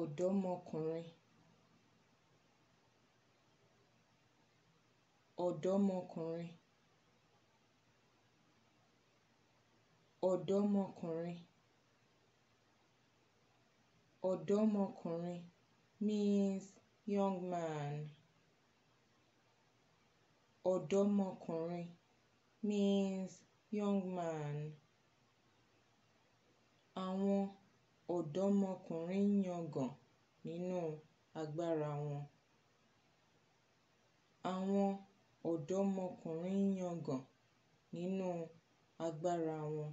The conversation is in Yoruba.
ọ̀dọ́mọkùnrin ọ̀dọ́mọkùnrin ọ̀dọ́mọkùnrin ọ̀dọ́mọkùnrin means young man ọ̀dọ́mọkùnrin means young man ọ̀dọ́mọkùnrin yangàn nínú agbára wọn àwọn ọ̀dọ́mọkùnrin wọn